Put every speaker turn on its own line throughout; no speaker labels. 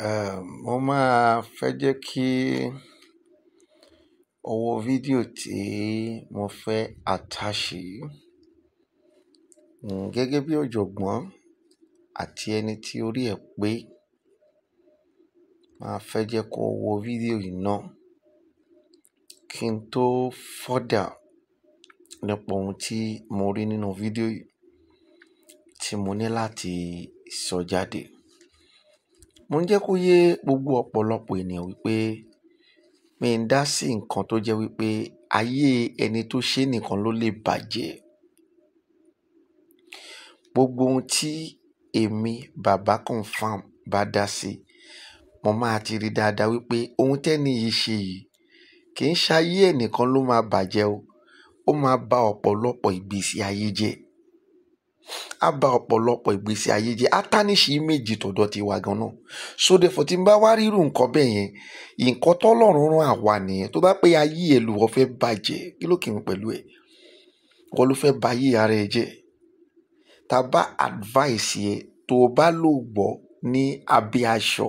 Eh, mo máa fẹ́ jẹ́ kí owó fídíò tí mo fẹ́ attach, hmm, gẹ́gẹ́ bí ọ̀jọ̀gbọ́n àti ẹni tí orí ẹ pé, màá fẹ́ jẹ́ kó wo fídíò yìí ná. Kí n tó further nípa ohun tí mo rí nínú fídíò yìí tí mo ní láti sọ jáde. Mo ń jẹ́ kó yé gbogbo ọ̀pọ̀lọpọ̀ ènìyàn wípé mi ń dá sí nǹkan tó jẹ́ wípé ayé ẹni tó ṣe nìkan ló lè bàjẹ́. Gbogbo ohun tí èmi Bàbá Confirm bá dá sí, mo máa ti rí dáadáa wípé ohun tẹ́ni yìí ṣe yìí kì í ṣayé ẹnìkan ló máa bàjẹ́ o. Ó máa ba ọ̀pọ̀lọpọ̀ ìgbésí ayé jẹ́ a ba ọ̀pọ̀lọpọ̀ ìgbésí ayé jẹ́ á tánìṣì méjì tọ̀dọ̀ ti wà gan náà so therefore tí n bá wá rírù nǹkan bẹ́ẹ̀ yẹn nǹkan tọ́lọ́run rán àwa nìyẹn tó bá pé ayé ẹ̀ lùwọ́ fẹ́ bàjẹ́ kí ló kì í pẹ̀lú ẹ̀ wọ́n ló fẹ́ ba ayé ara ẹ̀ jẹ́ tá bá advice yẹ tó o bá lò gbọ́ ní abẹ́ aṣọ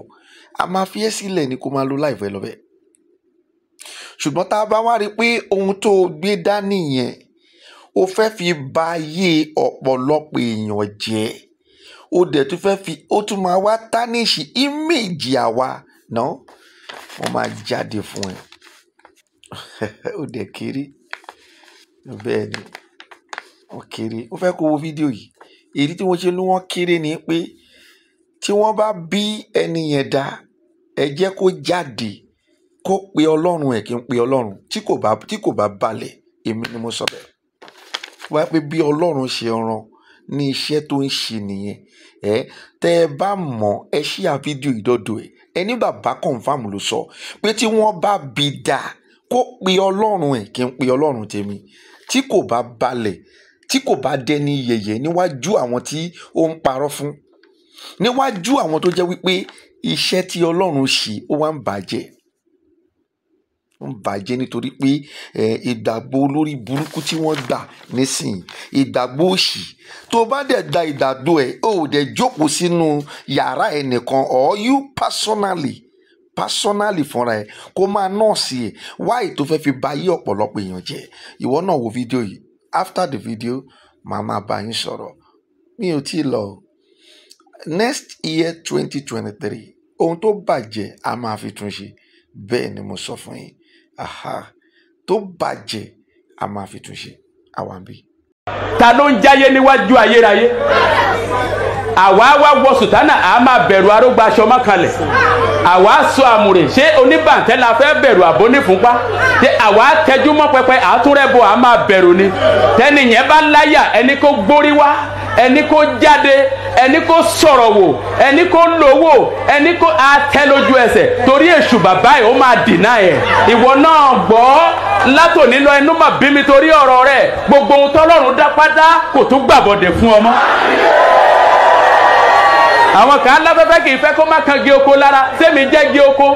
a máa fi ẹ́ sílẹ̀ ni kó máa lo láìfẹ́ lọ́bẹ̀ ṣùgbọ́n tá a bá wá rí i pé ohun tó o gbé dání yẹn o fẹ́ fi ba ayé ọ̀pọ̀lọpọ̀ èèyàn jẹ́ o dẹ̀ tún fẹ́ fi ó tún máa wá tánìṣì íméèjì àwa náà wọ́n máa jáde fún ẹ ó dẹ̀ kéré bẹ́ẹ̀ ni wọ́n kéré ó fẹ́ kó wo fídíò yìí èyí tí wọ́n ṣe ní wọ́n kéré ni pé tí wọ́n bá bí ẹni yẹn dá ẹ jẹ́ kó jáde kó pe ọlọ́run ẹ̀ kí n pe ọlọ́run tí kò bá balẹ̀ èmi ni mo sọ bẹ́ẹ̀ wá pé bí Ọlọ́run ṣe rán ní iṣẹ́ tó ń ṣe nìyẹn ẹ tẹ́ ẹ bá mọ̀ ẹ ṣíà fídíò ìdọ́dọ̀ ẹ ẹni bàbá confam ló sọ pé tí wọ́n bá bi dà kó pe Ọlọ́run ẹ̀ kí n pe Ọlọ́run tèmi tí kò bá balẹ̀ tí kò bá dẹni yẹ̀yẹ́ níwájú àwọn tí ó ń parọ́ fún níwájú àwọn tó jẹ́ wípé iṣẹ́ tí Ọlọ́run ṣe ó wá ń bàjẹ́ ń bàjẹ́ nítorí pé ìgbàgbọ́ olórí burúkú tí wọ́n gbà nísìnyí ìgbàgbọ́ òṣì tó bá dẹ̀ da ìdàgbọ́ ẹ̀ ó dẹ̀ jókòó sínú yàrá ẹ̀ nìkan or you personally personally fúnra ẹ̀ kó máa nọ́ọ̀sì ẹ̀ wáyé tó fẹ́ fi ba ayé ọ̀pọ̀lọpọ̀ èèyàn jẹ́ ìwọ náà wo fídíò yìí after the video màá máa bá yín sọ̀rọ̀ mi ò tí ì lọ next year twenty twenty three ohun tó bàjẹ́ a máa fi tún ṣe bẹ́ẹ̀ ni mo sọ fún yín tó bàjẹ́ a máa fi tún ṣe àwa ń bí. ta ló ń jáyé níwájú ayérayé àwa wá wọ sùtánà a máa bẹ̀rù arógbá aṣọ mọ́kànlẹ̀ àwa sọ àmùrè ṣé oníbàǹtẹ́ la fẹ́ bẹ̀rù àbó nífúnpá ṣé àwa tẹjú mọ́ pẹpẹ àtúrẹ́bọ̀ a máa bẹ̀rù ni tẹ́nìyẹn bá láyà ẹni kó gbórí wá ẹni kó jáde ẹni kó sọ̀rọ̀ wò ẹni kó lówó ẹni kó atẹ́ lójú ẹsẹ̀ torí èṣù bàbá ẹ̀ ó máa dìnnà ẹ̀ ìwọ náà gbọ́ látòní lọ inú mà bí mi torí ọ̀rọ̀ rẹ̀ gbogbo ohun tọ́lọ́run dá pátá kò tún gbàbọ̀dẹ̀ fún ọmọ àwọn kan láfẹ́fẹ́ kì í fẹ́ kó má kan gé oko lára sẹ́mi jẹ́ gé oko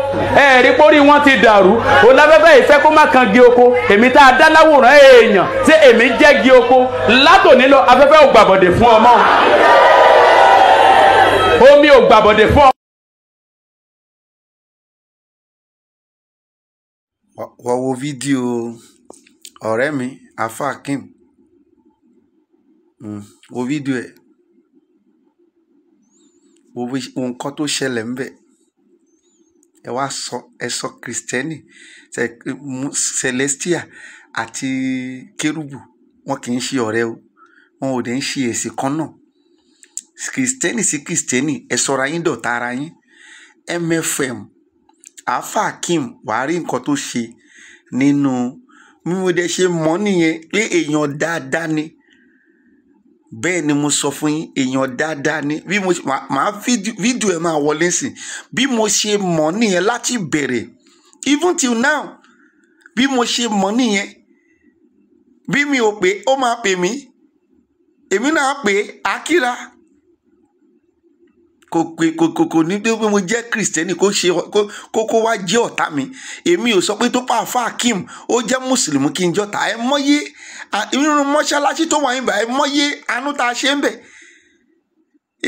ẹ̀ẹ́rí pórí wọn ti dàrú o láfẹ́fẹ́ yìí fẹ́ kó má kan gé oko èmi tá a dá láwòrán èèyàn ṣé èmi jẹ́ gé oko látòní lọ afẹ́fẹ́ ò gbàbọ̀dẹ̀ fún ọmọ omi ò gbàbọ̀dẹ̀ fún ọmọ. wọ́n wo fídíò ọ̀rẹ́ mi afa kim hmm, wo fídíò ẹ̀ wo nǹkan tó ṣẹlẹ̀ ń bẹ̀ ẹ wá sọ ẹ sọ kristẹni celestia àti kérúbù wọn kì í ṣe ọ̀rẹ́ o wọn ò dẹ̀ ń ṣe èsì kan náà kristẹni sí kristẹni ẹ sọra yín dọ̀tá ara yín mfm alfa akeem wàá rí nǹkan tó ṣe nínú mímúdẹ ṣe mọ́ nìyẹn pé èèyàn dáadáa ni bẹ́ẹ̀ ni mo sọ fún yín èèyàn dáadáa ni bí mo máa fídíò ẹ̀ máa wọlé sí bí mo ṣe mọ̀ nìyẹn láti bẹ̀rẹ̀ even till now bí mo ṣe mọ̀ nìyẹn bí mi ò pé ó máa pè mí èmi náà pè é akíra kò kò kò ní pé mo jẹ́ kìrìsìtẹ́nì kó ṣe kó kó wá jẹ́ ọ̀tá mi èmi ò sọ pé tó pàfà akim ó jẹ́ mùsùlùmí kí n jọta ẹ mọ́yé irun mọ́ṣáláṣí tó wà níbà ẹ mọ́yé anú tá a ṣe ń bẹ̀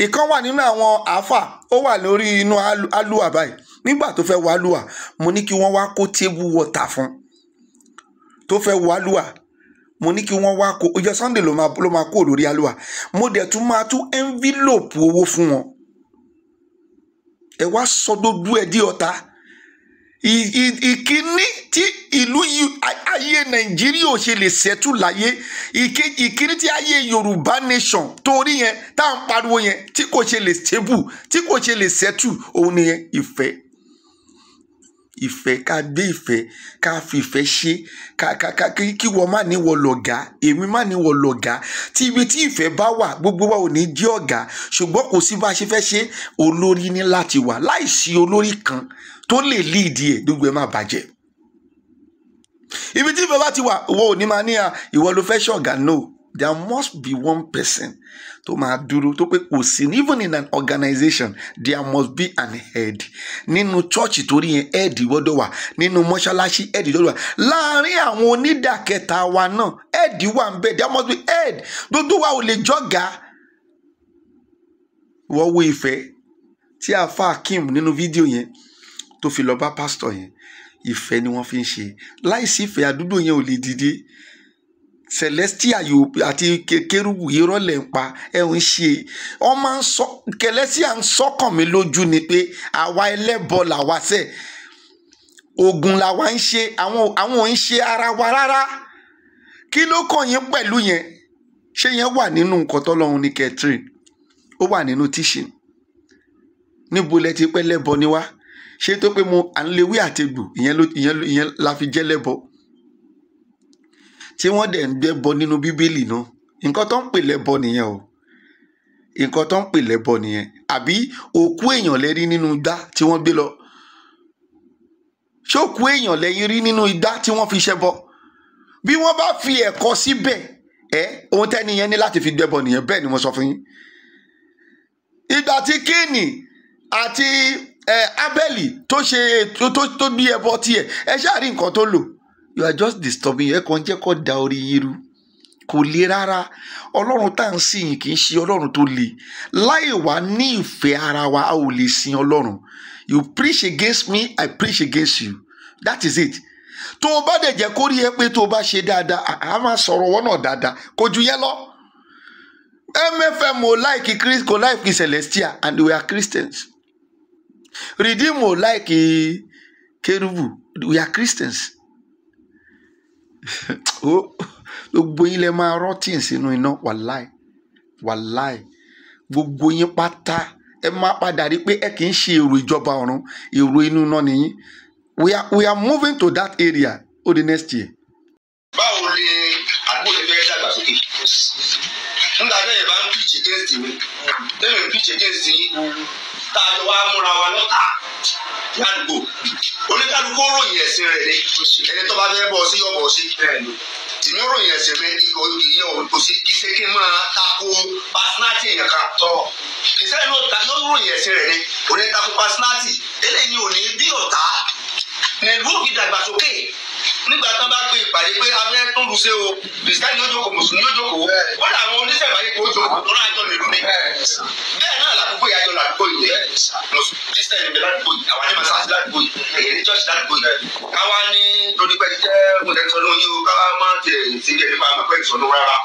ìkan wà nínú àwọn àáfà ó wà lórí inú alúwà báyìí nígbà tó fẹ́ wọ alúwà mo ní kí wọ́n wá kó tébù wọ́tà fún tó fẹ́ wọ alúwà mo ní kí wọ́n wá kó ọjọ́ sunday ló máa kó lórí alúwà mo dẹ̀ tún máa tún envelope owó fún wọn ẹ wá sọ dodo ẹ di ọ̀tá ìkíní tí ìlú ayé nàìjíríà ò ṣe lè ṣẹ́tù láyé ìkíní tí ayé yorùbá nation torí yẹn tá à ń pariwo yẹn tí kò ṣe lè stable tí kò ṣe lè ṣẹ́tù òun nìyẹn ìfẹ́ ìfẹ́ ká gbé ìfẹ́ ká fìfẹ́ ṣe ká ká ká kí wọ́n má ní wọ lọ̀gá èmi má ní wọ lọ̀gá tí ibi tí ìfẹ́ bá wà gbogbo wa ò ní jẹ́ ọ̀gá ṣùgbọ́n kò sí bá a ṣe fẹ́ ṣe olórí ní láti wà láìsí olórí kan tó lè líìdì ẹ̀ gbogbo ẹ̀ má bàjẹ́ ibi tí ìfẹ́ bá ti wà ìwọ ò ní máa ní à ìwọ ló fẹ́ ṣọ̀gá náà there must be one person to maduro to tó pé kò even in an organization there must be an head nínú church torí yẹn head gbọ́dọ̀ wà nínú mọ́ṣáláṣí head gbọ́dọ̀ wà láàárín àwọn onídàkẹta wa náà head wà ń bẹ there must be head gbogbo wa ò lè jọ́gà wọ́n wo ìfẹ́ tí àfa Akeem nínú fídíò yẹn tó fi lọ bá pásítọ̀ yẹn ìfẹ́ ni wọ́n fi ń ṣe láìsí ìfẹ́ àdúgbò yẹn ò lè dìde celestia àti kérúbù irọ́ lẹ̀ ń pa ẹ̀ ń ṣe ọ ń sọ celestia ń sọkàn mi lójú ni pé àwa ẹlẹ́bọ làwa ṣe ogun làwa ń ṣe àwọn àwọn ò ń ṣe ara wa rárá kí ló kàn yín pẹ̀lú yẹn ṣé yẹn wà nínú nǹkan tọ́lọ́run ní Catherine ó wà nínú tíṣìn níbo lẹ ti pẹ́ lẹ́bọ ni wá ṣé tó pé mo à ń lewé àtegbò ìyẹn la fi jẹ́ lẹ́bọ tí wọ́n dẹ̀ ń gbẹ́bọ nínú bíbélì náà nǹkan tó ń pè lẹ́bọ nìyẹn o nǹkan tó ń pè lẹ́bọ nìyẹn àbí òkú èèyàn lẹ́rí nínú igbá tí wọ́n gbé lọ ṣókú èèyàn lẹ́yìn rí nínú igbá tí wọ́n fi ṣẹbọ bí wọ́n bá fi ẹ̀kọ́ síbẹ̀ ẹ ohun tẹ́ni yẹn ní láti fi gbẹ́bọ nìyẹn bẹ́ẹ̀ ni mo sọ fún yín ìgbà tí kéènì àti abẹ́lì tó ṣe tó gbé ẹbọ tiẹ̀ ẹ ṣáà rí nǹkan tó lò you are just disturbing ẹ kàn jẹ́ kó da orí yín rú kò le rárá ọlọ́run tá à ń sìn yìí kì í ṣe ọlọ́run tó le láì wá ní ìfẹ́ ara wa a ò lè sin ọlọ́run you preach against me I preach against you that is it tó o bá dẹ̀ jẹ́ kó rí ẹ pé tó o bá ṣe dáadáa àá máa sọ̀rọ̀ ọwọ́ náà dáadáa kò ju yẹn lọ mfm ò láìkì Christ kò like Celestia and we are Christians Redeem ò láìkì Kérúbù we are Christians ó oh, gbogbo yín lẹ máa rọ́tì sínú iná wàláì wàláì gbogbo yín pátá ẹ máa padà rí pé ẹ kì í ṣe èrò ìjọba ọ̀run èrò inú iná nìyí we are we are moving to that area for the next year.
báwo ni àgbóyè fẹ́ dàgbàsókè nígbà tẹ́yẹ̀ bá ń pitch against mi tẹ́yẹ̀ pitch against yín tá a jọ wá múra wa lọ́tà ládùúgbò oníkálukú ròyìn ẹ̀sìn rẹ̀ ni ẹni tó bá fẹ́ bọ́ sí yọ bọ́ sí ìmú ròyìn ẹ̀sìn mi ìkò ìyẹn ò kò sí kí sẹ́kí máa tako pasinati èèyàn kan tọ́ ìṣẹ́ inú ọ̀tá yóò ròyìn ẹ̀sìn rẹ̀ ni oníkálukú pasinati eléyìí ò ní bí ọ̀tá nílùú òbí dàgbàsókè nígbà tán bá pe ìpàdé pé abẹ́ tún lu ṣe o kìrìsìtánì yóò jókòó mùsùlùmí yóò jókòó kódà àwọn oníṣẹ̀báyé kò jókòó tó láàjọ nìlú ni bẹ́ẹ̀ náà làkúkọ ìyájọ làkúkọ ìwé kìrìsìtánì ìbẹ̀ ládùúgbò yìí àwọn ànímọ̀ sáàsì ládùúgbò yìí èyí ní chọ́ọ̀ṣì yìí káwá ní torí pé jẹ́ mùtẹ́sọ̀nù yìí o káwá má tẹ̀ sí ilé nípa àmọ́ pé ìsọ̀nù rárá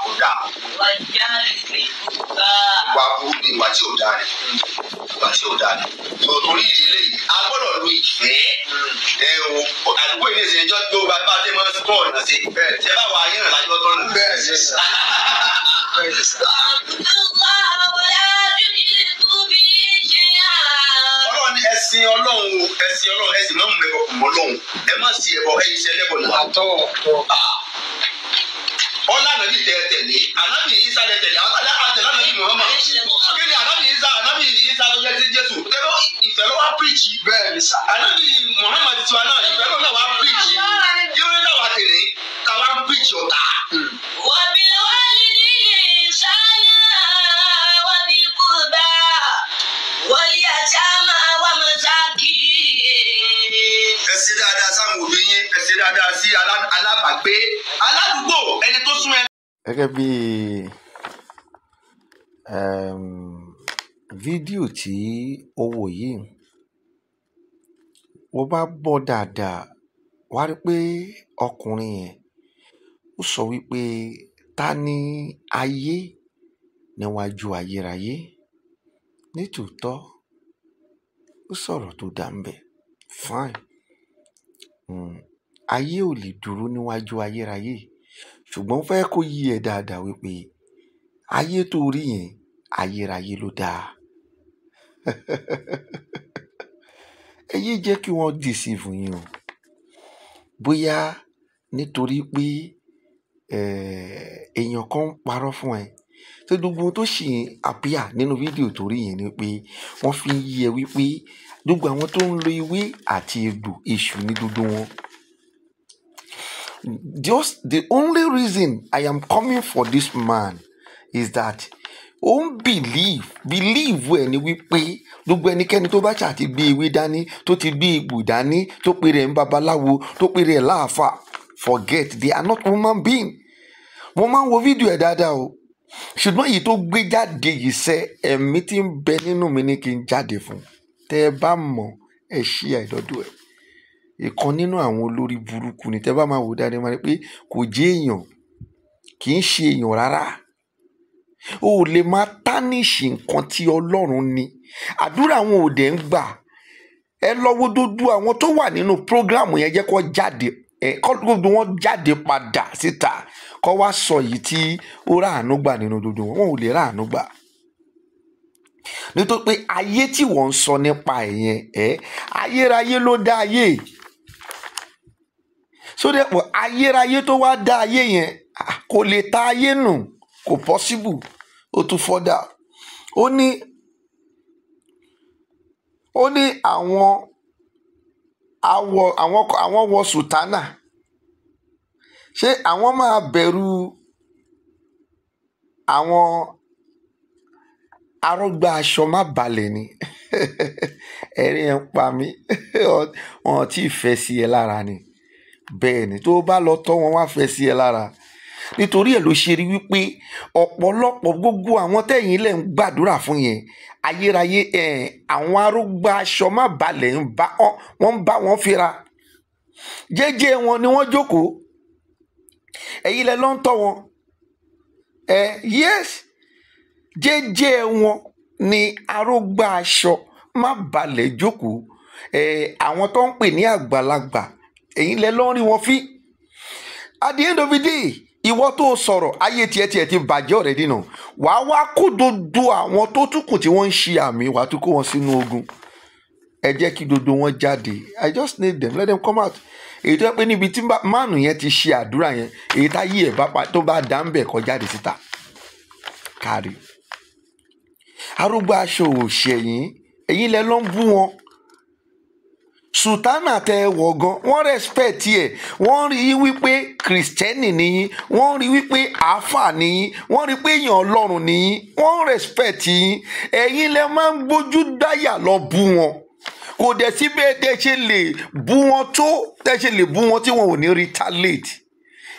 bá dé mọ́ kọ́ ọ̀nà sí bá wà á yẹn lájọ́ tọ́nu. bẹ́ẹ̀ ṣe sà. ọlọ́run ẹ̀sìn ọlọ́run ọlọ́run ẹ̀sìn máa mú ẹbọ kùn mọ́ lọ́hùn ẹ má sí ẹbọ ẹ̀yìn ṣe ẹlẹ́bọ náà. àtọ́ ọlá nàbí tẹ tẹlé ànábì isa lẹ tẹlé àtẹlẹ àtẹlẹ ànábì muhammad kíni ànábì isa ànábì isa lọ jẹ jésù tẹlẹ ìfẹ́ lọ wá píríkì bẹ́ẹ̀ ànábì muhammad tiwa náà ìfẹ́ lọ náà sì rè ká wá ń pìtì ọ̀tá. wàbí wàlí ní ìṣáná wàbí kúrúbà wọlé àti àmà wà mọ́sáàkì. ẹ ṣe dáadáa sáwọn òbí yín ẹ ṣe dáadáa sí alábàgbé aládùúgbò ẹni tó sún
gẹ́gẹ́ bí fídíò tí o wò yìí wọ́n bá bọ́ dáadáa wàá rí pé ọkùnrin yẹn ó sọ wípé ta ni ayé níwájú ayérayé nítòótọ́ ó sọ̀rọ̀ tó dáa ńbẹ̀ fine um ayé ò lè dúró níwájú ayérayé ṣùgbọ́n ó fẹ́ kó yé ẹ dáadáa wípé ayé tó rí yẹn ayérayé ló dáa ẹ yéé jẹ́ kí wọ́n deceive yín o bóyá nítorí pé èèyàn kan parọ́ fún ẹ. Torí gbogbo ohun tó sì appear nínú fídíò tó rí yẹn ni pé wọ́n fi ń yé wípé gbogbo àwọn tó ń lo ewé àti egbò èṣù ni gbogbo wọn. Just the only reason I am coming for this man is that ó ń believe believe ẹ̀ ni wípé gbogbo ẹnikẹ́ni tó bá ṣàti gbé ewé dání tó ti gbé egbò dání tó pe rẹ̀ ń babaláwo tó pe rẹ̀ láàfà forget they are not human being mo máa ń wo fídíò ẹ̀ dáadáa o ṣùgbọ́n èyí tó gbé jáde yìí sẹ́ ẹ̀mí tí ń bẹ nínú mi ní kí n jáde fún tẹ́ ẹ bá mọ̀ ẹ ṣí àìdọ́dọ̀ ẹ̀ ìkan nínú àwọn olórí burúkú ni tẹ́ bá máa wò dáadáa máa rí pé kò jẹ́ èèyàn kì í ṣe èèyàn rárá o ò lè máa tánìṣì nǹkan tí ọlọ́run ni àdúrà àwọn òde ń gbà ẹ lọ́wọ́ dúdú àwọn tó wà nínú prógráàmù yẹn jẹ́ kó jáde ẹ kọ́ gbogbo wọn jáde padà síta kó wá sọ yìí tí ó ráàánú gbà nínú dúdú wọn wọn ò lè ráàánú gbà nítorí pé ayé tí wọ́n ń sọ nípa ẹ̀yẹn ẹ ayérayé ló dá ayé sódẹ́pọ̀ ayérayé tó wá dá ayé yẹn kò lè ta ayé nù. No kò pọ́síbù ó tún fọ́dà ó ní ó ní àwọn awọ àwọn àwọn wọ sùtánà ṣé àwọn máa bẹ̀rù àwọn arọgbà aṣọ má balẹ̀ ni ẹ̀rín ẹ̀ ń pa mí wọn ò tí ì fẹ́ sí ẹ lára ni bẹ́ẹ̀ ni tó o bá lọ tọ́ wọn wá fẹ́ sí ẹ lára nítorí ẹ̀ ló ṣe rí wípé ọ̀pọ̀lọpọ̀ gbogbo àwọn tẹ̀yìn lẹ̀ ń gbàdúrà fún yẹn ayérayé ẹ̀ àwọn arógbá aṣọ má balẹ̀ ń bá wọn ń bá wọn fira jẹ́jẹ́ wọn ni wọ́n jókòó ẹ̀yin lẹ ló tọ́ wọn ẹ̀ yes jẹ́jẹ́ wọn ni arógbá aṣọ má balẹ̀ jókòó ẹ̀ àwọn tó ń pè ní àgbàlagbà ẹ̀yin lẹ ló rí wọn fín at the end of the day ìwọ tó sọ̀rọ̀ ayé tiẹ̀ tiẹ̀ ti bàjẹ́ ọ̀rẹ́ dínà wàá wá kó dodo àwọn tó tún kù tí wọ́n ń ṣe àmì wàá tún kó wọn sínú ogun ẹ jẹ́ kí dodo wọn jáde i just need them let them come out èyí tó yẹ pé níbi tí máànù yẹn ti ṣe àdúrà yẹn èyí tá yí ẹ̀ tó bá dá ń bẹ̀ kó jáde síta kárí arúgbó aṣọ òṣèyìn èyí lẹ ló ń bú wọn sultana tẹ wọ̀ gan wọ́n respect ẹ̀ wọ́n rí i wípé kìrìsìtẹ́nì nìyí wọ́n rí i wípé àáfà nìyí wọ́n rí i pé èèyàn ọlọ́run nìyí wọ́n respect yín ẹ̀yin lẹ máa ń gbójú dáyà lọ bú wọn kò dẹ̀ sí bẹ́ẹ̀ tẹ́ ṣe lè bú wọn tó tẹ́ ṣe lè bú wọn tí wọn ò ní retaliate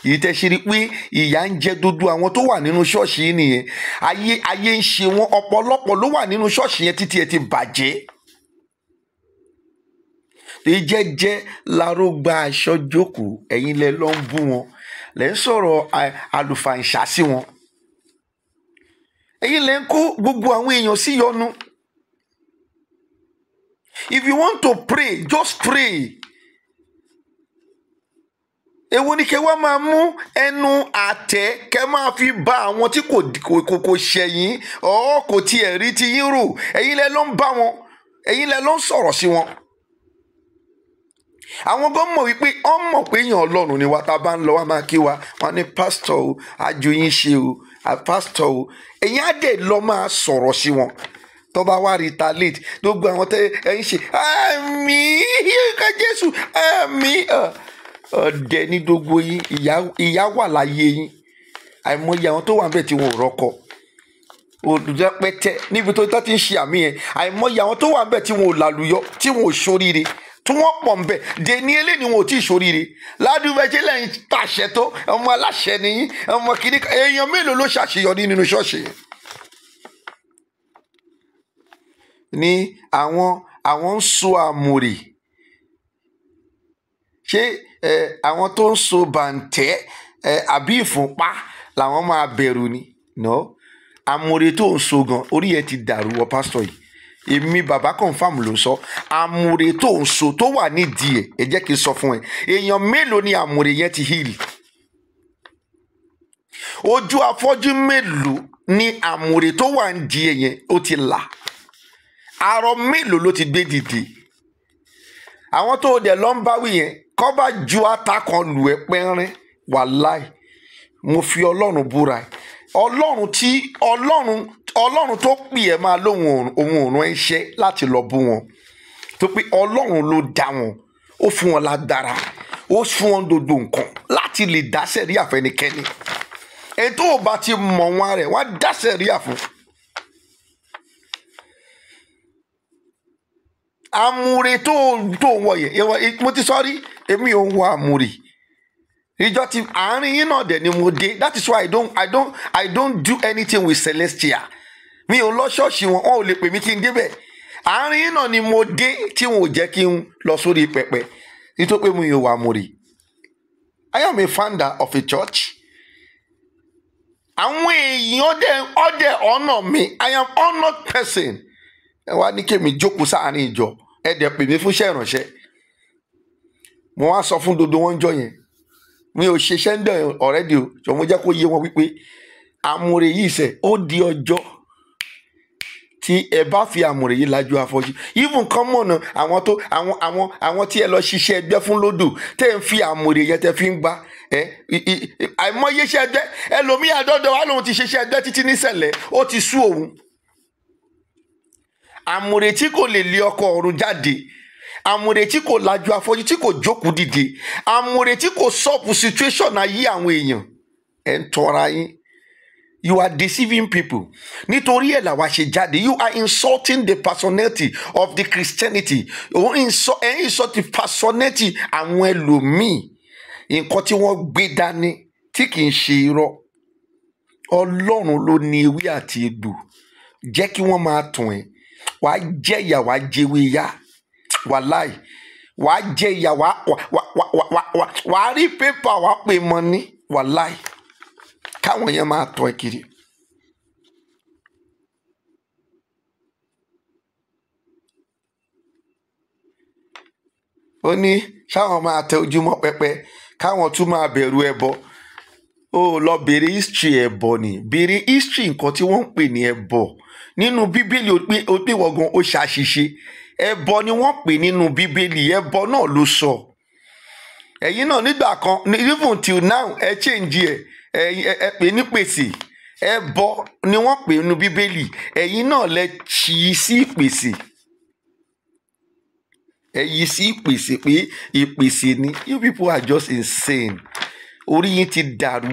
yìí tẹ́ ṣe rí pé ìyà ń jẹ dodo àwọn tó wà nínú ṣọ́ọ̀ṣì yìí nìyẹn ayé ayé ń ṣe wọn ọ̀pọ̀lọpọ̀ ló wà nínú ṣọ́ọ̀ṣì yẹn títí ẹ ti bàjẹ́ jẹ́jẹ́ laró gba aṣọ jókòó ẹ̀yin lẹ lọ ń bú wọn lẹ ń sọ̀rọ̀ àlùfàǹṣà sí wọn ẹ̀yin lẹ ń kó gbogbo àwọn èèyàn sí yọnu if you want to pray just pray èwo ni kẹ wá máa mú ẹnu àtẹ kẹ máa fi bá àwọn tí kò kò kò ṣẹ̀yìn ọ̀ kò tiẹ̀ rí ti yín rò ẹ̀yin lẹ ló ń bá wọn ẹ̀yin lẹ ló ń sọ̀rọ̀ sí wọn àwọn gan mọ̀ wípé wọ́n pé èèyàn ọlọ́run ni wa tá a bá ń lọ wá máa kí wa wọn ní pásítọ̀ o àjòyìn ṣe o pásítọ̀ o èyí á dẹ̀ lọ máa sọ̀rọ̀ sí wọn tó bá wá retaliate gbogbo àwọn tẹ ẹ ń ṣe àmì ká jésù àmì ọ̀dẹ ní gbogbo yín ìyá wà láyé yín àìmọye àwọn tó wà níbẹ̀ tí wọn ò rọ́kọ olùjẹ pẹtẹ níbi tó ti ń ṣe àmì yẹn àìmọye àwọn tó wà níbẹ̀ tí wọn ò làlùyọ tí wọn ò ṣoríire tí wọ́n pọ̀ ń bẹ̀ dèní eléyìí wọn ò tí ì ṣoríire ládùúgbẹ́jẹ́ lẹ́yìn tàṣẹ tó ọmọ aláṣẹ nìyí ọmọ kìíní èèyàn mélòó ló ṣàṣeyọrí nínú ṣọ́ọ̀ṣì yẹn. ni àwọn àwọn ń so àmùrè ṣé àwọn tó ń so bàǹtẹ́ àbí ìfúnpá làwọn máa bẹ̀rù ni no àmùrè tó ń so gan orí ẹ ti dàrú wọ pásítọ̀ yìí èmi bàbá confam ló sọ àmùrè tó ń so tó wà nídìí ẹ ẹ jẹ́ kí n sọ fún ẹ èèyàn mélòó ni àmùrè yẹn ti heal ojú afọ́jú mélòó ni àmùrè tó wà ń di yẹn ó ti là arọ mélòó ló ti gbé dìde àwọn tó dẹ̀ lọ ń báwí yẹn kọ́ bá ju ata kan lù ẹ́ pẹ́rín wàláì mo fi ọlọ́run búra ẹ ọlọ́run tí ọlọ́run ọlọ́run tó pè ẹ́ máa lóhun òun òun ẹ̀ ń ṣe láti lọ bú wọn tó pé ọlọ́run ló dá wọn ó fún wọn lágbára ó fún wọn gbogbo nǹkan láti lè dá sẹ̀ríà fẹ́nikẹ́ni ẹni tó ti mọ̀ wọn rẹ̀ wá dá sẹ̀ríà fún. amúre tó tó wọ yẹ mo ti sọ rí èmi ò wọ amúre ìjọ ti àárín yín náà dẹ̀ ni mo dé that is why i don't i don't i don't do anything with celestial mi ò lọ ṣọ́ọ̀ṣì wọn wọn ò lè pè mí kí n débẹ̀ àárín náà ni mo dé tí wọn ò jẹ́ kí n lọ sórí pẹpẹ nítorí pé mi ò wà àmúrì I am a founder of a church àwọn èèyàn ọdẹ ọdẹ ọ̀nà mi I am honoured person ẹ wá ní kémi jókòó sáàárín ìjọ ẹ dẹ̀ pè mí fúnṣẹ́ ìrànṣẹ́ mo wá sọ fún dodo wọn jọ yẹn mi ò ṣiṣẹ́ ń dẹ̀ ọ̀rẹ́dì o ṣùgbọ́n mo jẹ́ kó yé wọn wípé àmúrè yìí sẹ̀ ó di ọjọ́ tí ẹ bá fi àmùrè yìí lajú afọ́jú even kan mọ̀nà àwọn tó àwọn àwọn àwọn tí ẹ lọ ṣiṣẹ́ ẹgbẹ́ fún lódò tẹ́ ń fi àmùrè yẹn tẹ́ fi ń gbá ẹ àìmọye iṣẹ́ ẹgbẹ́ ẹlòmíì àdọ́dọ̀ wà lòun ti ṣiṣẹ́ ẹgbẹ́ títí nísẹ̀lẹ̀ ó ti sú òun àmùrè tí kò lè lé ọkọ ọ̀run jáde àmùrè tí kò lajú afọ́jú tí kò jókòó dìde àmùrè tí kò sọ́ọ̀pù situation ayé àwọn èèyàn ẹ̀ ń tọ́ra yín you are deceiving people nítorí ẹ̀ làwa ṣe jáde you are insulting the personality of the Christianity ò insult ẹ̀ ń insult the personality àwọn ẹlòmíì nǹkan tí wọ́n gbé dání tí kì í ṣe irọ́ ọlọ́run ló ní ewé àti egbò jẹ́ kí wọ́n máa tàn ẹ́ wàá jẹ ìyà wàá jẹwé yá wàláì wàá jẹ ìyà wàá rí pépà wàá pè mọ́ ní wàláì káwọn yẹn máa tọ́ ẹ kiri. ó ní ṣáwọn máa tẹ ojúmọ́ pẹpẹ káwọn tún máa bẹ̀rù ẹbọ ó lọ béèrè history ẹbọ ni béèrè history nǹkan tí wọ́n ń pè ní ẹbọ nínú bíbélì ó pè wọgàn ó ṣàṣìṣe ẹbọ ni wọ́n pè nínú bíbélì ẹbọ náà ló sọ ẹ̀yin náà nígbà kan even till now ẹ change ẹ ẹ pè ní pèsè ẹbọ ni wọ́n pè nu bíbélì ẹ̀yin náà lẹ tì í sí pèsè ẹ yí sí ìpèsè pé ìpèsè ni you people are just insane orí yín ti dàrú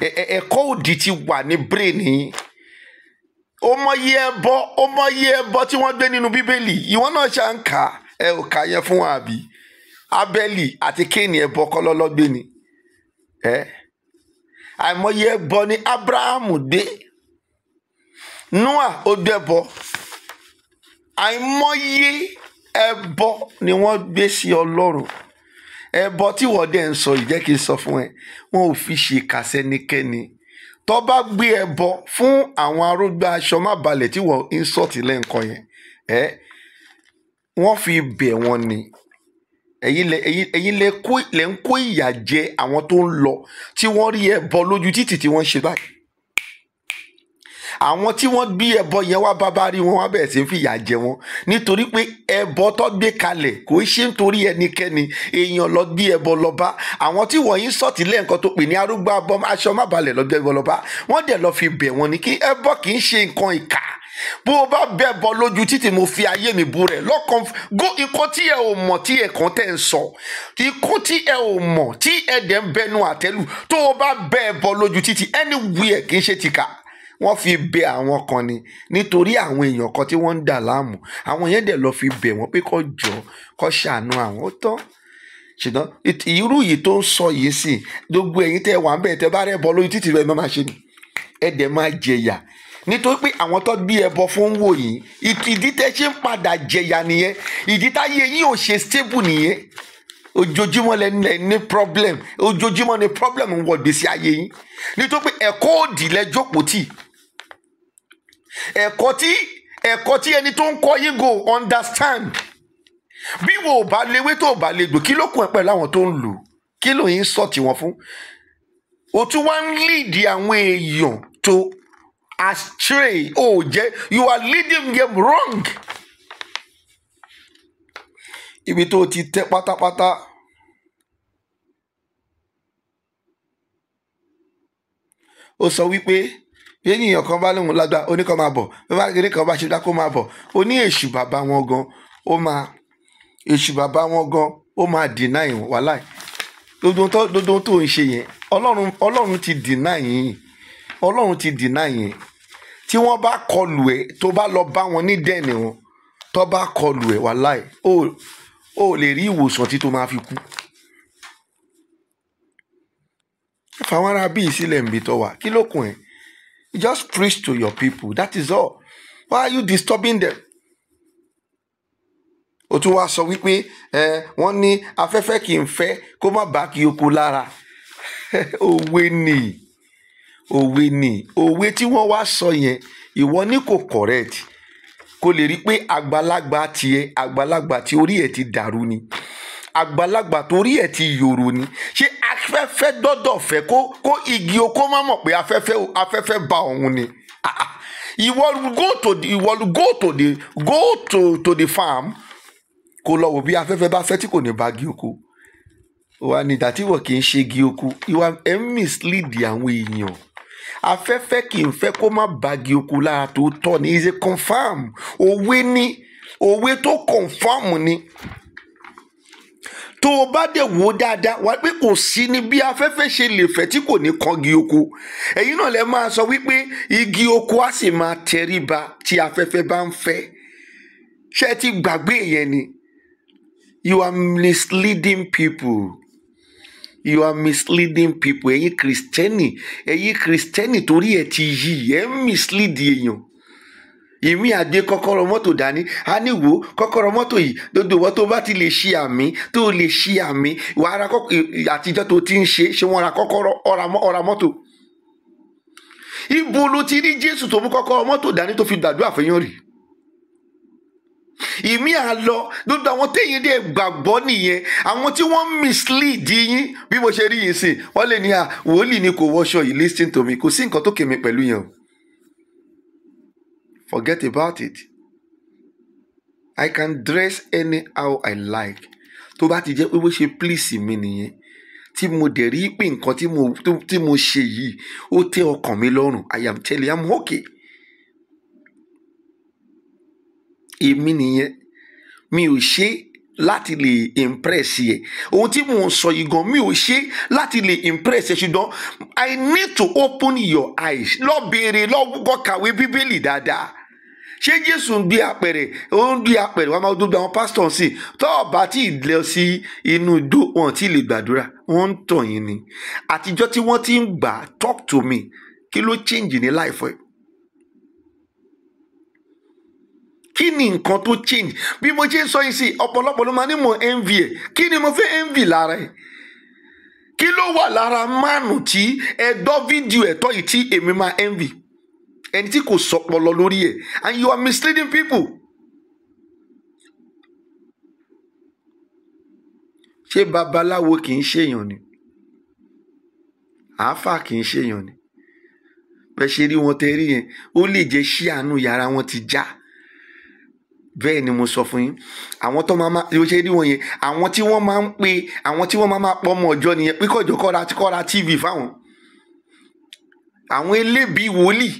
ẹ̀kọ́ òdì ti wà ní brain yín ó mọyì ẹbọ ó mọyì ẹbọ tí wọ́n gbé nínú bíbélì ìwọ náà ṣà ń kà ẹ ò kà yẹn fún wa àbí Ábẹ́lì àti Kéènì ẹbọ kọ́ lọ́lọ́gbé ni ẹ. Eh? àìmọye ẹbọ ni abrahamu dé noah ó dẹbọ àìmọye ẹbọ ni wọ́n gbé sí ọlọ́run ẹbọ tí wọ́n dẹ̀ ń sọ yìí jẹ́ kí n sọ fún ẹ wọn ò fi ṣe kàṣẹ níkẹ́ni tó bá gbé ẹbọ fún àwọn arógbá aṣọ má balẹ̀ tí wọ́n ń sọ̀tì lẹ́ǹkan yẹn ẹ wọ́n fi bẹ̀ wọ́n ni ẹ̀yin lẹ ẹ̀yin lẹ kó lẹ ń kó ìyà jẹ àwọn tó ń lọ tí wọ́n rí ẹbọ lójú títì tí wọ́n ṣe báyìí àwọn tí wọ́n bí ẹbọ yẹn wá bá bá rí wọn wá bẹ̀rẹ̀ sí fi ìyà jẹ wọn nítorí pé ẹbọ tó gbé kalẹ̀ kò ṣe nítorí ẹnikẹ́ni èèyàn lọ bí ẹbọ lọ bá àwọn tí wọ́n yín sọ̀tìlẹ̀ nǹkan tó pè ní arúgbó abọ́ aṣọ má lọ bí ẹbọ lọ bá wọ́n dẹ̀ lọ fi bẹ̀ wọn ni kí ẹbọ kì í ṣe nǹkan ìkà bó o bá bẹ̀ bọ́ lójú títì mo fi ayé mi bu rẹ̀ lọ́kàn go ikọ́ tí ẹ ò mọ̀ tí ẹ kàn tẹ̀ ń sọ ikọ́ tí ẹ ò mọ̀ tí ẹ dẹ̀ ń bẹnu àtẹ́lù tó o bá bẹ̀ bọ́ lójú títì anywhere kì í ṣe tìka wọ́n fi bẹ̀ àwọn kan ni nítorí àwọn èèyàn kan tí wọ́n ń dà láàmú àwọn yẹn dẹ̀ lọ fi bẹ̀ wọ́n pé kó jọ kó ṣàánú àwọn ó tán ṣùgbọ́n irú yìí tó ń sọ yìí sí gbogbo ẹ̀yin tẹ́ wà ń bẹ̀ tẹ́ bá rẹ̀ bọ́ lójú títì rẹ̀ máa ṣe ni ẹ dẹ̀ jẹyà nítorí pé àwọn tó gbé ẹbọ fún wò yìí ìdí tẹ́ ṣe ń padà jẹyà nìyẹn ìdí táyé yìí ò ṣe stable nìyẹn ojoojúmọ́ lẹ ní problem ojoojúmọ́ ni problem ń wọ gbèsè ayé yín nítorí pé ẹ̀kọ́ òdì lẹ jókòó tì ẹ̀kọ́ tí ẹ̀kọ́ tí ẹni tó ń kọ́ yín go understand bí wo ò bá lewé tó ò bá lè gbò kí ló kún ẹ pẹ̀lú àwọn tó ń lò kí ló sọ̀tì wọn fún o tún wá ń lead àwọn èèyàn tó astray o oh, jẹ you are leading them wrong ibi tó ti tẹ pátápátá ó sọ wípé yéèyàn kan bá lóun lágbá oníkan máa bọ̀ bàbá kékeré kan bá ṣe dákó máa bọ̀ ó ní èṣù bàbá wọn gan ó máa èṣù bàbá wọn gan ó máa deny wọn wàláì dodo tó ń ṣe yẹn ọlọ́run ti deny yìí ọlọ́run ti dìnnà yẹn tí wọ́n bá kọlù ẹ̀ tó bá lọ bá wọn ní dẹ́ni wọn tó bá kọlù ẹ̀ wàláì ó lè rí ìwòsàn tí tó máa fi kú. fàwọn ará bíi sílẹ̀ ń bi tọ́ wa kí ló kún ẹ̀ just preach to your people that is all why are you disturbing them ó tún wá sọ wípé ẹ wọ́n ní afẹ́fẹ́ kì í fẹ́ kó má bàa kí oko lára òwe nìyí òwe ni òwe tí wọ́n wá sọ yẹn ìwọ ní kò correct kó lè rí i pé àgbàlagbà tiẹ̀ àgbàlagbà tí orí ẹ̀ ti dàrú ni àgbàlagbà torí ẹ̀ ti yòrò ni ṣé afẹ́fẹ́ dọ́dọ̀ fẹ́ kó kó igi o má mọ̀ pé afẹ́fẹ́ ba òun ni ìwọ go to the ìwọ go to the go to to the farm kó lọ wò bí afẹ́fẹ́ bá fẹ́ tí kò ní ba igi oko wà ní ìdàtí wọ̀ kì í ṣe igi oko ìwà ẹ̀ ń mislead àwọn èèyàn afẹ́fẹ́ kì í fẹ́ kó má bàgì oko lára tó tọ́ ni ìṣe confam òwe ni òwe tó confam ni tó o bá dẹ̀ wò ó dáadáa wá pé kò sí ní bí afẹ́fẹ́ ṣe lè fẹ́ tí kò ní kangi oko ẹ̀yin náà lẹ máa sọ wípé igi oko á sì máa tẹríba tí afẹ́fẹ́ bá ń fẹ́ ṣé ti gbàgbé yẹn ni you are misleading people you are misleading people ẹ̀yin kristẹni ẹ̀yin kristẹni torí ẹ̀ ti yí ẹ̀ ń mislead èèyàn ìmí àgbé kọ́kọ́rọ́ mọ́tò dání a ní wo kọ́kọ́rọ́ mọ́tò yìí dodo wọ́n tó bá ti lè ṣe àmì tó lè ṣe àmì wàá ra àtijọ́ tó ti ń ṣe ṣé wọ́n ra kọ́kọ́rọ́ ọ̀ra mọ́tò ibo ló ti rí jésù tó mú kọ́kọ́rọ́ mọ́tò dání tó fi gbàdúrà fẹ́yàn rèé ìmí àlọ gbogbo àwọn téèyàn dé gbàgbọ́ nìyẹn àwọn tí wọ́n mislead yín bí mo ṣe rí yìí sìn wọ́n lè ní à wòlíì ni kò wọṣọ yìí listen to me kò sí nǹkan tó kèmí pẹ̀lú yẹn o forget about it I can dress anyhow I like tó bá ti jẹ́ pé bó ṣe please mi nìyẹn tí mo dẹ̀ rí pé nǹkan tí mo ṣe yìí ó tẹ́ ọkàn mi lọ́rùn I am telling you I'm okay. èmi nìyẹn mi ò ṣe láti lè impress yẹ ohun tí mò ń sọ yìí gan mi ò ṣe láti lè impress yẹ ṣùgbọ́n i need to open your eyes lọ béèrè lọ gbọ́ kàwé bíbélì dáadáa ṣé jésù ń gbé apẹ̀rẹ̀ ó ń gbé apẹ̀rẹ̀ wọn máa dúró àwọn pásítọ̀ sí i tọ́ ọ̀bá tí ì lọ sí inú igbó wọn tí ì lè gbàdúrà wọ́n ń tàn yín ni àtijọ́ tí wọ́n ti ń gbà talk to me kí ló change ní láìfọ́ yìí kí ni nǹkan tó change bí mo ṣe ń sọ yìí sí ọ̀pọ̀lọpọ̀ ló máa ní mo envy ẹ̀ kí ni mo fẹ́ envy lára ẹ̀ kí ló wà lára mánu tí ẹ gbọ́ fídíò ẹ̀tọ́ yìí tí èmi máa envy ẹni tí kò sọpọlọ lórí ẹ̀ and you are misleading people. ṣé babaláwo kì í ṣèyàn ni àáfàá kì í ṣèyàn ni bẹ́ẹ̀ ṣe rí wọn tẹ́ rí yẹn ó lè jẹ́ ṣí yàrá wọn ti já. Ja bẹ́ẹ̀ ni mo sọ fún yín àwọn tó máa yóò ṣe rí wọn yẹn àwọn tí wọ́n máa ń pe àwọn tí wọ́n máa máa pọ́ ọmọ ọjọ́ nìyẹn pé kọ̀jọ́ kọ́ra kọ́ra tv fáwọn àwọn eléèbí wòlíì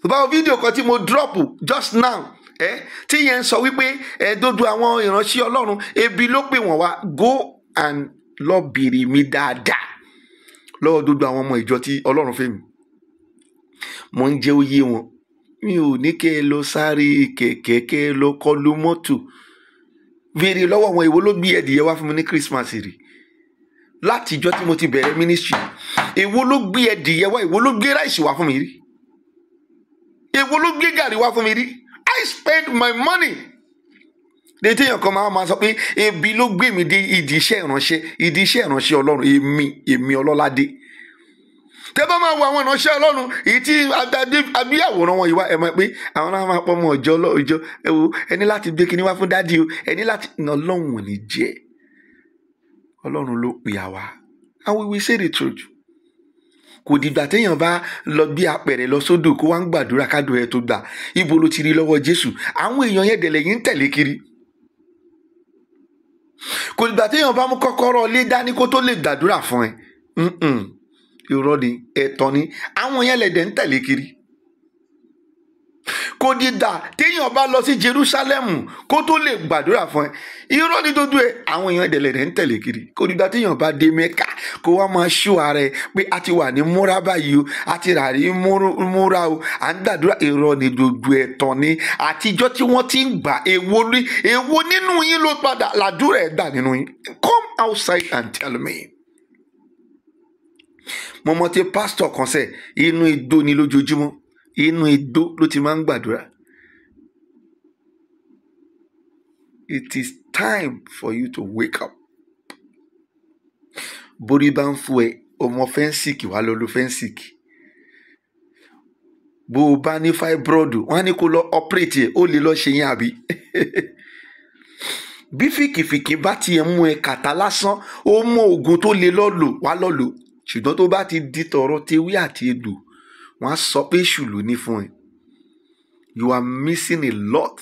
tó bá wo fídíò kan tí mo drop just now ẹ tí yẹn ń sọ wípé ẹ dodo àwọn ìránṣẹ́ ọlọ́run ebi ló pè wọ́n wá go and lọ bèrè mi dáadáa lọ́wọ́ dodo àwọn ọmọ ìjọ tí ọlọ́run fẹ́ mi mo ń jẹ́ oyé wọn mi ò ní kẹ́ ẹ lọ sáré kẹ̀kẹ́ kẹ́ ẹ lọ kọlu mọ́tò béèrè lọ́wọ́ wọn èwo ló gbé ẹdìyẹ wá fún mi ní Christmas rè látijọ́ tí mo ti bẹ̀rẹ̀ ministry èwo ló gbé ẹdìyẹ wá èwo ló gbé ráìsì wá fún mi rí èwo ló gbé gàrí wá fún mi rí I spend my money de téèyàn kan máa ma sọ pé ebi ló gbé mi dé ìdí iṣẹ́ ìránṣẹ́ ìdí iṣẹ́ ìránṣẹ́ Ọlọ́run èmi èmi Ọlọ́ládé tẹ bá máa wo àwọn ìránṣẹ́ ọlọ́run èyí tí abí àwòrán wọn yìí wá ẹ mọ̀ pé àwọn náà máa pọ́ ọmọ ọjọ́ ọjọ́ ẹ wo ẹni láti gbé kinní wá fún dádì o ẹni láti nà ọlọ́run ò ní jẹ́ ọlọ́run ló pè á wá and we will say the truth kò dìgbà téèyàn bá lọ bí apẹ̀rẹ̀ lọ sódò kó wá ń gbàdúrà kádùn ẹ tó gbà ibo ló ti rí lọ́wọ́ jésù àwọn èèyàn yẹn dẹ̀lẹ̀ yìí ń tẹ̀lé kiri kò dìgbà téèyàn bá mú kọ́kọ́rọ́ lé dání kó tó lè gbàdúrà fún ẹ irọ́ ni ẹ̀tàn ni àwọn yẹn lẹ̀dẹ̀ ń tẹ̀lé kiri kò dìdà téèyàn bá lọ sí Jerusalem. kó tó lè gbàdúrà fún ẹ irọ́ ní dodo ẹ àwọn èèyàn ẹ̀dẹ̀lẹ̀dẹ̀ ń tẹ̀lé kiri kò dìdà téèyàn bá dé Mẹ́kà kó wá máa ṣú ara ẹ pé a ti wà ní múra báyìí o a ti rà rí múra o à ń gbàdúrà irọ́ ní dodo ẹ tán ni àtijọ́ tí wọ́n ti ń gbà èwo èwo nínú yín ló padà làdúrà ẹ̀ gbà nínú yín come outside and tell me mo mọ̀ tí pásítọ̀ kan sẹ̀ inú igbó ni lójoojúmọ́ inú igbó ló ti máa ń gbàdúrà. It is time for you to wake up. Borí bá ń fún ẹ, ọmọ fẹ́ǹsìkì wà lọ́ọ́ lo fẹ́ǹsìkì. Bó o bá ní fáibúrọ̀dù, wọ́n á ní kó lọ ọ́pẹ́rẹ́tì ẹ̀, ó lè lọ́ọ́ ṣe yín àbí. Bí fìkìfìkì bá tiẹ̀ mú ẹ kàtá lásán, ó mú oògùn tó lè lọ́ọ́ lò wá lọ́ọ́ ṣùgbọ́n tó bá ti di tọ̀rọ̀ tewé àti egbò wọ́n á sọ pé èṣù ló fún ẹ you are missing a lot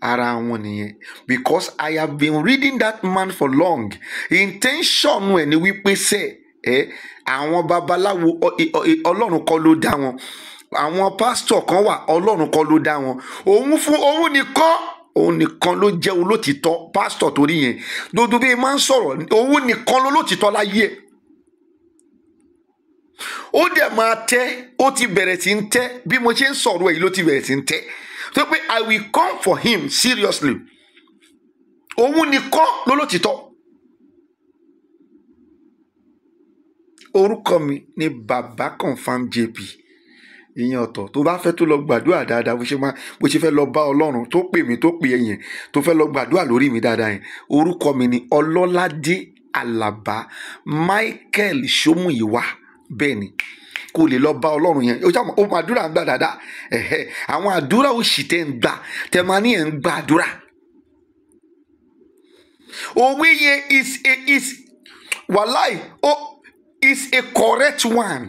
ara wọn nìyẹn because I have been reading that man for long intention ẹ̀ ni wípé sẹ́ ẹ àwọn babaláwo ọlọ́run kọ́ ló dá wọn àwọn pásítọ̀ kan wà ọlọ́run kọ́ ló dá wọn òun fún òun nìkan òun nìkan ló jẹ́ olótìtọ́ pásítọ̀ torí yẹn dodo bíi máa ń sọ̀rọ̀ òun nìkan ló láyé ẹ̀ ó dẹ̀ máa tẹ́ ó ti bẹ̀rẹ̀ sí ń tẹ́ bí mo ṣe ń sọ̀rọ̀ èyí ló ti bẹ̀rẹ̀ sí ń tẹ́ tó pé i will come for him seriously òun nìkan lólótìtọ́ orúkọ mi ni baba confam jp ìyẹn ọ̀tọ̀ tó bá fẹ́ tó lọ gbàdúrà dáadáa bó ṣe máa bó ṣe fẹ́ lọ bá ọlọ́run tó pè mí tó pè é yẹn tó fẹ́ lọ gbàdúrà lórí mi dáadáa yẹn orúkọ mi ni ọlọ́ládé alaba michael ṣómùyíwá bẹ́ẹ̀ ni kó lè lọ bá ọlọ́run yẹn ó máa àdúrà ń gbà dáadáa àwọn àdúrà òṣì tẹ́ ń gbà tẹ́ máa ní ẹ̀ ń gba àdúrà. òwe yẹn is a is wàláì oh, is a correct one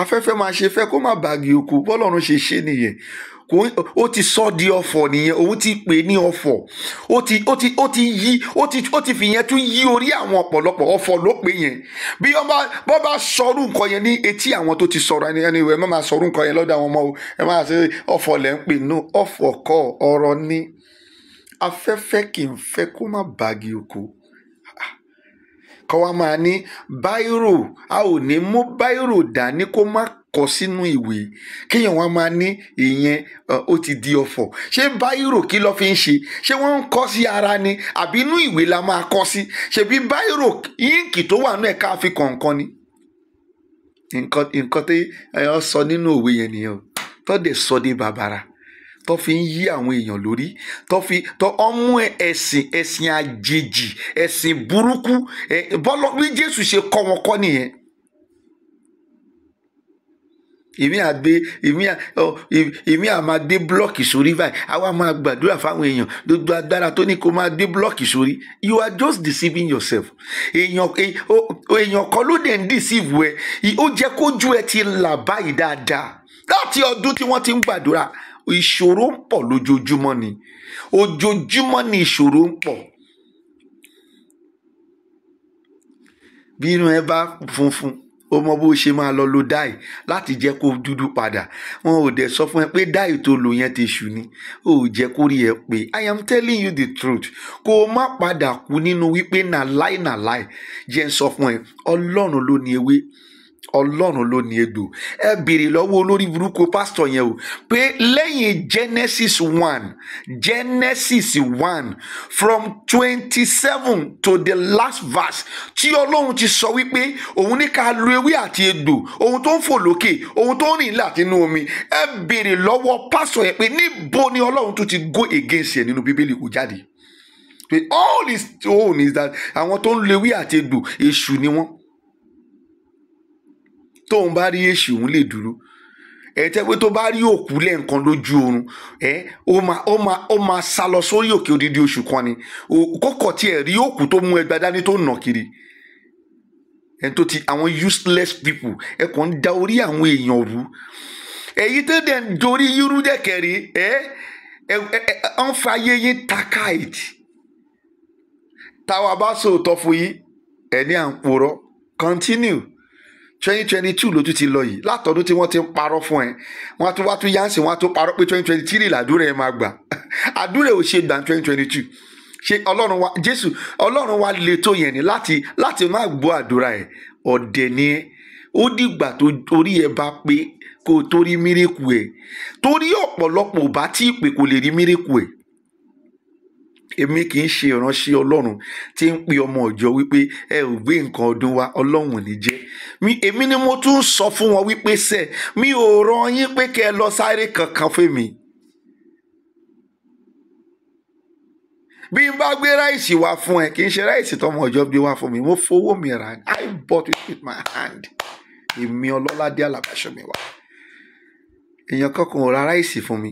afẹ́fẹ́ máa ṣe fẹ́ kó má bàgì òkú bọ́lọ́run ṣe ṣe nìyẹn ó ti sọ di ọ̀fọ̀ nìyẹn òun ti pè ní ọ̀fọ̀ ó ti ó ti ó ti yí ó ti ó ti fi yẹn tún yí orí àwọn ọ̀pọ̀lọpọ̀ ọ̀fọ̀ ló pè yẹn bí wọ́n bá bọ́ bá sọrú nǹkan yẹn ní etí àwọn tó ti sọ̀rọ̀ ẹni ẹni ẹ má máa sọrú nǹkan yẹn lọ́dọ̀ àwọn ọmọ o ẹ má ṣe ọ̀fọ̀ lẹ́ ń pè nù ọ̀fọ̀ kọ́ ọ̀rọ̀ ní afẹ́fẹ́ kì í fẹ́ kó má bàgì òkú kọ́ wa máa ní báírò a ò ní mú báírò dání kó má kọ sínú ìwé kéèyàn wọn máa ní ìyẹn ó ti di ọ̀fọ̀ ṣé báírò kí ló fi ń ṣe ṣé wọ́n ń kọ sí ara ni àbí inú ìwé la máa kọ sí ṣebí báírò íǹkì tó wà nú ẹ̀ka àfi kọ̀ọ̀kan ni nǹkan tí ẹ sọ nínú òwe yẹn nìyẹn o tọ́dẹ̀ sọ ní bàbàrà tó fi ń yí àwọn èèyàn lórí tó fi tó ọmú ẹ̀sìn ẹ̀sìn àjèjì ẹ̀sìn burúkú bọ́lọ́ bí Jésù ṣe kọ́ wọn kọ́ nìyẹn èmi àgbé èmi à ọ èmi à máa gbé blọọkì sórí báyìí àwa máa gbàdúrà fáwọn èèyàn gbogbo agbára tó ní kó máa gbé blọọkì sórí you are just deceiving yourself èèyàn èèyàn kan ló dẹ̀ ń deceive ẹ ó jẹ́ kójú ẹ ti là báyìí dáadáa láti ọdún tí wọ́n ti ń gbàdúrà ìṣòro ń pọ̀ lójoojúmọ́ ni ojoojúmọ́ ni ìṣòro ń pọ̀ bí irun ẹ bá funfun ó mọ bó ṣe máa lọ lo dáì láti jẹ́ kó dúdú padà wọn ò dẹ̀ sọ fún ẹ pé dáì tó lò yẹn ti ṣù ni ó jẹ́ kó rí ẹ pé i am telling you the truth kó o má padà kú nínú wípé nà láì nà láì jẹ́ ń sọ fún ẹ ọlọ́run ló ní ewé ọlọ́run ló ní egbò ẹ béèrè lọ́wọ́ olórí burúkú pásítọ̀ yẹn o pé lẹ́yìn genesis one genesis one from twenty seven to the last verse tí ọlọ́run ti sọ wípé òun ní ká lu ewé àti egbò ohun tó ń fò lókè ohun tó ń rìn láti inú omi ẹ béèrè lọ́wọ́ pásítọ̀ yẹn pé níbo ni ọlọ́run tó ti go against ẹ̀ nínú bíbélì kò jáde pé all his own is that àwọn tó ń lu ewé àti egbò èṣù ni wọ́n tóun bá rí èṣù òun lè dúró ẹ tẹ́ pé tó bá rí òkú lẹ́ẹ̀kan lójú oorun ẹ ó máa ó máa ó máa sá lọ sórí òkè odidi oṣù kan ni kọ́kọ́ tiẹ̀ rí òkú tó mú ẹgbàá dání tó nà kiri ẹ tó ti àwọn useless people ẹ kàn ń da orí àwọn èèyàn rú èyí tó dẹ̀ ń dorí irú dẹ̀kẹ̀rí ẹ ẹ ẹ ẹ ń fa ayé yín takáìtì táwa bá sòótọ́ fún yín ẹ ní à ń purọ́ continue twenty twenty two ló tún ti lọ yìí látọdún tí wọ́n ti ń parọ́ fún ẹ wọ́n tún wá tún yánsì wọ́n tún parọ́ pé twenty twenty three làdúrà ẹ máa gbà àdúrà ò ṣe gbà twenty twenty two ṣe ọlọ́run wa jésù ọlọ́run wa le tó yẹn ni láti láti má gbọ́ àdúrà ẹ ọ̀dẹ̀ ni ẹ ó dìgbà tó orí ẹ bá pé kó o torí mírèkù ẹ torí ọ̀pọ̀lọpọ̀ ò bá tí ì pè kò lè rí mírèkù ẹ èmi kì í ṣe ìránṣẹ́ ọlọ́run tí ń pe ọmọ ìjọ wípé ẹ ò gbé nǹkan ọdún wa ọlọ́run ní jẹ́ èmi ni mo tún sọ fún wọn wípé ṣé mi ò rán yín pé kẹ́ ẹ lọ sáré kankan fèmí. bí n bá gbé ráìsì wá fún ẹ kì í ṣe ráìsì tọmọ ìjọ gbé wá fún mi mo fowó mi rà i bought it with my hand èmi ọlọ́ládé alábàṣọ mi wá èèyàn kankan ò ra ráìsì fún mi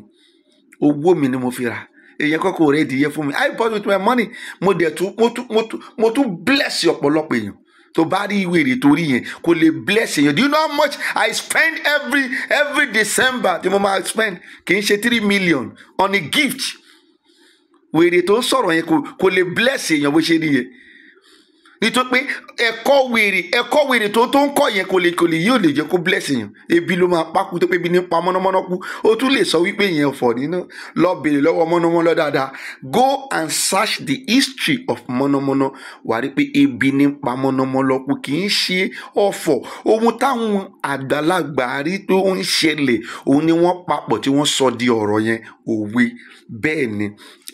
owó mi ni mo fi rà èyàn kọ́kọ́ rẹ̀ ìdíyẹ fún mi i bought with my money mo dẹ̀ tún mo tún mo tún mo tún bless ọ̀pọ̀lọpọ̀ èèyàn tó bá rí ìwé èrè torí yẹn kò lè bless èèyàn do you know how much i spend every every december tí mo máa spend kì í ṣe three million on a gift wèrè tó ń sọ̀rọ̀ yẹn kò lè bless èèyàn bó ṣe rí yẹn nítorí pé ẹ̀kọ́ wèrè ẹ̀kọ́ wèrè tó tó ń kọ́ yẹn kò lè kò lè yóò lè jẹ́ kó blessing yẹn ebi ló máa pa kú tó pé ebi ní pa mọ́nàmọ́ná kú ó tún lè sọ wípé yẹn ọ̀fọ̀ nínú lọ bèrè lọ́wọ́ mọ́nàmọ́ná dáadáa go and search the history of mọ́nàmọ́ná wà á rí pé ebi ní pa mọ́nàmọ́ná kú kì í ṣe ọ̀fọ̀ ohun táwọn àgbàlagbà rí tó ń ṣẹlẹ̀ òun ni wọ́n papọ̀ tí wọ́n sọ di ọ̀rọ̀ yẹn òwe bẹ́ẹ̀ ni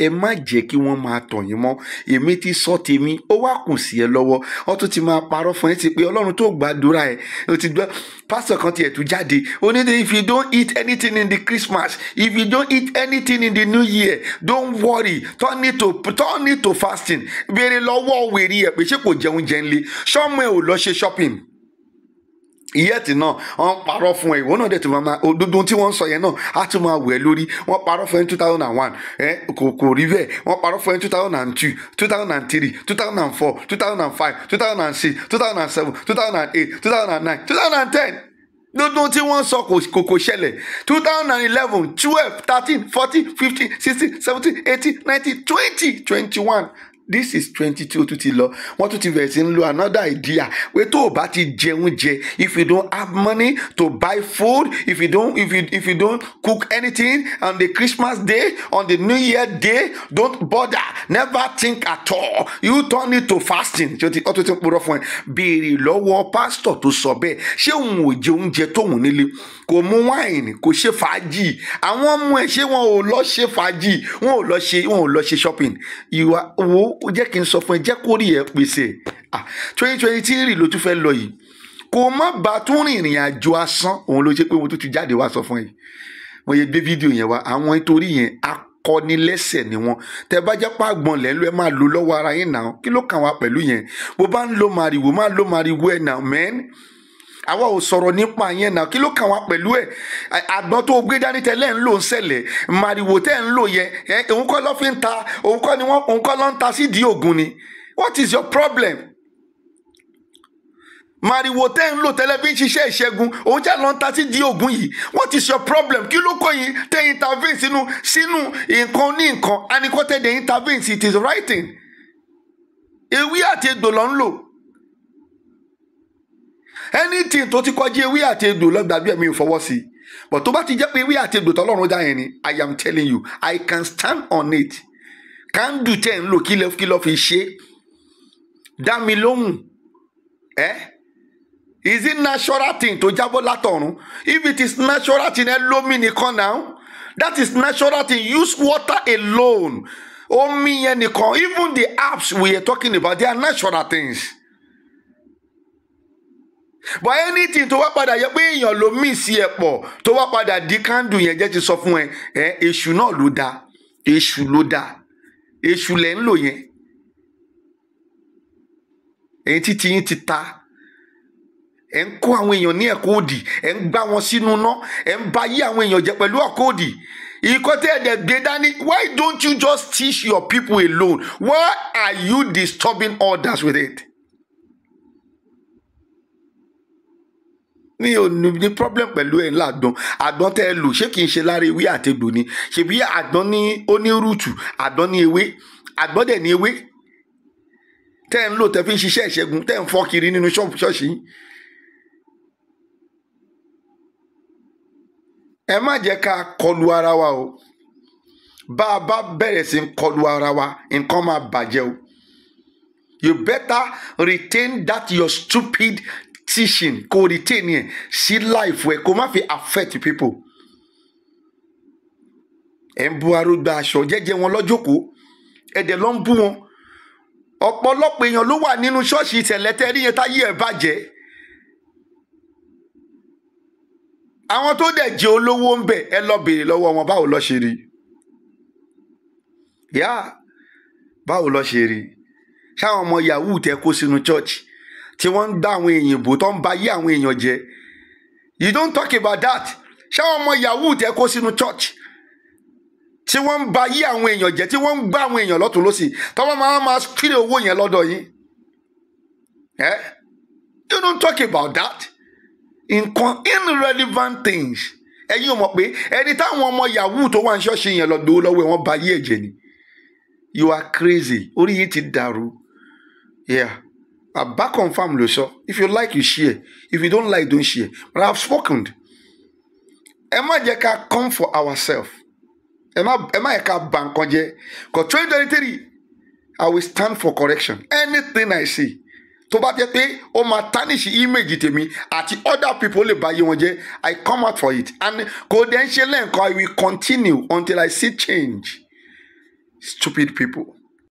ẹ má jẹ́ kí wọ́n máa tàn yín mọ́ èmi ti sọ tèmi ó wá kù sí ẹ lọ́wọ́ ọ tún ti máa parọ́ fún ẹ ti pé ọlọ́run tó gbàdúrà ẹ ó ti gbọ́ pásítọ̀ kan tiẹ̀ tún jáde ó ní if you don't eat anything in the Christmas if you don't eat anything in the New Year don't worry turn it to turn it to fasting béèrè lọ́wọ́ wèrè ẹ̀ pé ṣé kò jẹun jẹun lé ṣọ́mọ ẹ ò lọ ṣe shopping ìyẹ́tì náà wọ́n parọ́ fún ẹ ìwọ náà dẹ̀ tó máa máa òdodo tí wọ́n ń sọ yẹn náà á tún máa wẹ̀ lórí wọ́n parọ́ fún ẹ two thousand and one ẹ kò kò rí bẹ́ẹ̀ wọ́n parọ́ fún ẹ two thousand and two two thousand and three two thousand and four two thousand and five two thousand and six two thousand and seven two thousand and eight two thousand and nine two thousand and ten lọ́dún tí wọ́n sọ kò kò ṣẹlẹ̀ two thousand and eleven twelve thirteen fourteen fifteen sixteen seventeen eighteen nineteen twenty twenty one this is twenty two tún ti lọ wọ́n tún ti bẹ̀rẹ̀ sí ń lo another idea pé tó o bá ti jẹun jẹ if you don't have money to buy food if you don't if you if you don't cook anything on the Christmas day on the New Year day don't bother never think at all you turn it to fasting ṣé o ti ọtún ti ń purọ́ fún ẹ béèrè lọ́wọ́ pásítọ̀ tó sọ bẹ́ẹ̀ ṣé òun ò jẹ oúnjẹ tóun nílé kò mú wáìnì kò ṣe fàájì àwọn ọmọ ẹ ṣé wọn ò lọ ṣe fàájì wọn ò lọ ṣe wọn ò lọ ṣe shopping ìwà wo jẹ́ kí n sọ fún ẹ jẹ́ kó rí ẹ pèsè twenty twenty three ló tún fẹ́ lọ yìí kó má ba tún rìn ìrìn àjò asán òun ló ṣe pé mo tún ti jáde wá sọ fún ẹ mo yẹ gbé fídíò yẹn wá àwọn nítorí yẹn akọnilẹ́sẹ̀ ni wọ́n tẹ bá jẹ́ pàgbọ́n lẹ́nu ẹ máa lo lọ́wọ́ ara yín náà kí ló kàn wá pẹ̀lú yẹn bó bá ń lo màrìwò máa lo màrìwò ẹ̀ náà mẹ́rin àwa ò sọ̀rọ̀ nípa yẹn náà kí ló kàn wá pẹ̀lú ẹ̀ àgbọn tó gbé dání tẹ́lẹ̀ ń lò ń ṣẹlẹ̀ màrìwò tẹ́ ń lò yẹn òun kọ́ ló fi ń ta òun kọ́ ni wọ́n òun kọ́ ló ń ta sídìí ògùn ni what is your problem? màrìwò tẹ́ ń lò tẹ́lẹ̀ fi ń ṣiṣẹ́ ìṣẹ́gun òun jẹ́ ló ń ta sídìí ògùn yìí what is your problem? kí ló kọ́ yìí tẹ́ intervene sínú sínú nǹkan ní nǹkan àníkọ́tẹ́ dẹ̀ intervene it is writing ewé àti egbò ló ń lò anything tó ti kọjá ewé àti egbò lọ́gbàgbé mi ò fọwọ́ sí but tó bá ti jẹ́ pé ewé àti egbò tọ́lọ́run dá yẹn ni i am telling you i can stand on it kandu tẹ̀ ń lò kí lọ́ fi ṣe dá mi lóhùn ẹ́ is it natural thing tó jábọ́ látọ̀run if it is natural thing ẹ lómi nìkan náà that is natural thing use water alone omi yẹn nìkan even the herbs we are talking about they are natural things bọ anything tó wá padà yẹ pé èèyàn ló mì sí ẹ pọ̀ tó wá padà di kándù yẹn jẹ́ ti sọ fún ẹ ẹ èṣù náà ló dáa èṣù ló dáa èṣù lẹ̀ ń lò yẹn ẹ̀yin títí yín ti ta ẹ̀ ń kó àwọn èèyàn ní ẹ̀kọ́ òdì ẹ̀ ń gbá wọn sínú iná ẹ̀ ń ba yí àwọn èèyàn jẹ pẹ̀lú ọ̀kọ́ òdì ìkọ́tẹ́ gbé dání why don't you just teach your people alone why are you disturbing others with it. mi ò ní problem pẹ̀lú ẹ̀ ládùn àgbọn tẹ́ ẹ lò ṣé kìí ṣe lára ewé àtegbò ni ṣèbí àgbọn ní ó ní rúùtù àgbọn ní ewé àgbọn dẹ̀ ní ewé tẹ́ ẹ ń lò tẹ́ fi ń ṣiṣẹ́ ìṣẹ́gun tẹ́ ẹ ń fọ́ kiri nínú ṣọ́ọ̀bù ṣọ́ọ̀ṣì ẹ má jẹ́ ká kọlu ara wa o bá a bá bẹ̀rẹ̀ sí kọlu ara wa nǹkan máa bàjẹ́ o you better retain that your stupid teaching kó retain yẹn sí life ẹ kó má fi affect people. ẹ̀ ń bu arúgbó aṣọ jẹ́jẹ́ wọn lọ́jọ́kọ́ ẹ̀dẹ̀ ló ń bú wọn ọ̀pọ̀lọpọ̀ èèyàn ló wà nínú ṣọ́ọ̀ṣì ìtẹ̀lẹ́tẹ̀ rí yẹn táyé ẹ̀ bàjẹ́ àwọn tó dẹ̀ jẹ́ olówó ń bẹ̀ ẹ lọ béèrè lọ́wọ́ wọn báwo ló ṣe rí yá báwo ló ṣe rí ṣáwọn ọmọ yahoo tẹ kó sínú ṣọ́ọ̀ṣì tí wọ́n ń dá àwọn èèyàn bò tó ń ba ayé àwọn èèyàn jẹ́ you don't talk about that ṣé àwọn ọmọ yahoo tẹ kó sínú church tí wọ́n ń ba ayé àwọn èèyàn jẹ́ tí wọ́n ń gbá àwọn èèyàn lọ́tún lọ́sì tọ́wọ́ máa máa kiri owó yẹn lọ́dọ̀ yín eh? you don't talk about that nǹkan irrelevant things ẹ̀yin ò mọ̀ pé ẹni táwọn ọmọ yahoo tó wà ní ṣọ́ọ̀ṣì yẹn lọ́dọ̀ lọ́wọ́ ẹ̀ wọ́n ba ayé ẹ̀jẹ̀ ni you are crazy orí yín ti dàrú yeah. I uh, back confirm ló sọ. If you like, you share. If you don't like, don't share. But I've spoken. Ẹ má jẹ́ ká come for ourselves. Ẹ má ẹ má yẹ ká bà nǹkan jẹ́. Kò twenty twenty three, I will stand for correction. Anything I see tó bá jẹ́ pé ó máa tarnish image tèmi àti other people lè bá yé wọn jẹ́ I come out for it and kò dé ń ṣe lẹ́ǹkan I will continue until I see change. Stupid people.